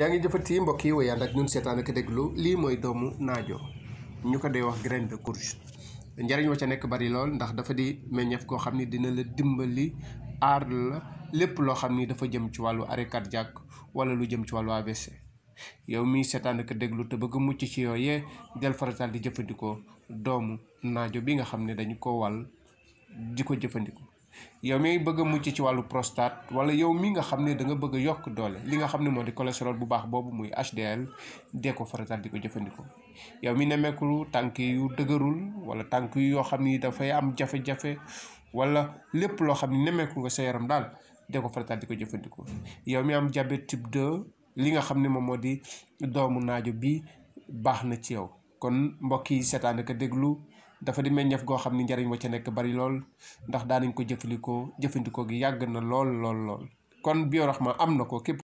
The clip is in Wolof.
yaa ngi jëfat yi mbokk yi way ànd ak ñun seetaan ak déglu lii mooy doomu naajo ñu ko dee wax graine de courge njariñ wa ca nekk bari lool ndax dafa di meññeef koo xam ni dina la dimbali aar la lépp loo xam ni dafa jëm ci wàllu arrêt cardiaque wala lu jëm ci wàllu AVC yow miy seetaan ak déglu te bëgg mucc ci yooyee del faratal di jëfandikoo doomu naajo bi nga xam ne dañu ko wàll di ko jëfandikoo yow mi bëgg a mucc ci wàllu prostate wala yow mii nga xam ne da nga bëgg yokk doole li nga xam ne moo di cholestérol bu baax boobu muy HDL dee ko farataal di ko jëfandikoo yow mi nemmeeku tànk yu dëgërul wala tànk yoo xam ni dafay am jafe-jafe wala lépp loo xam ne nemmeeku nga sa yaram daal ko farataal di ko jëfandikoo yow mi am diabète type li nga xam ne moom moo di doomu naajo bi baax na ci yow kon mbokk yi seetaan aka déglu. dafa di meññeef goo xam ni njariñ wa ca nekk bari lool ndax daanañ ko jëfandikoo jëfandikoo gi yàgg na lool lool lool kon ma am na ko képp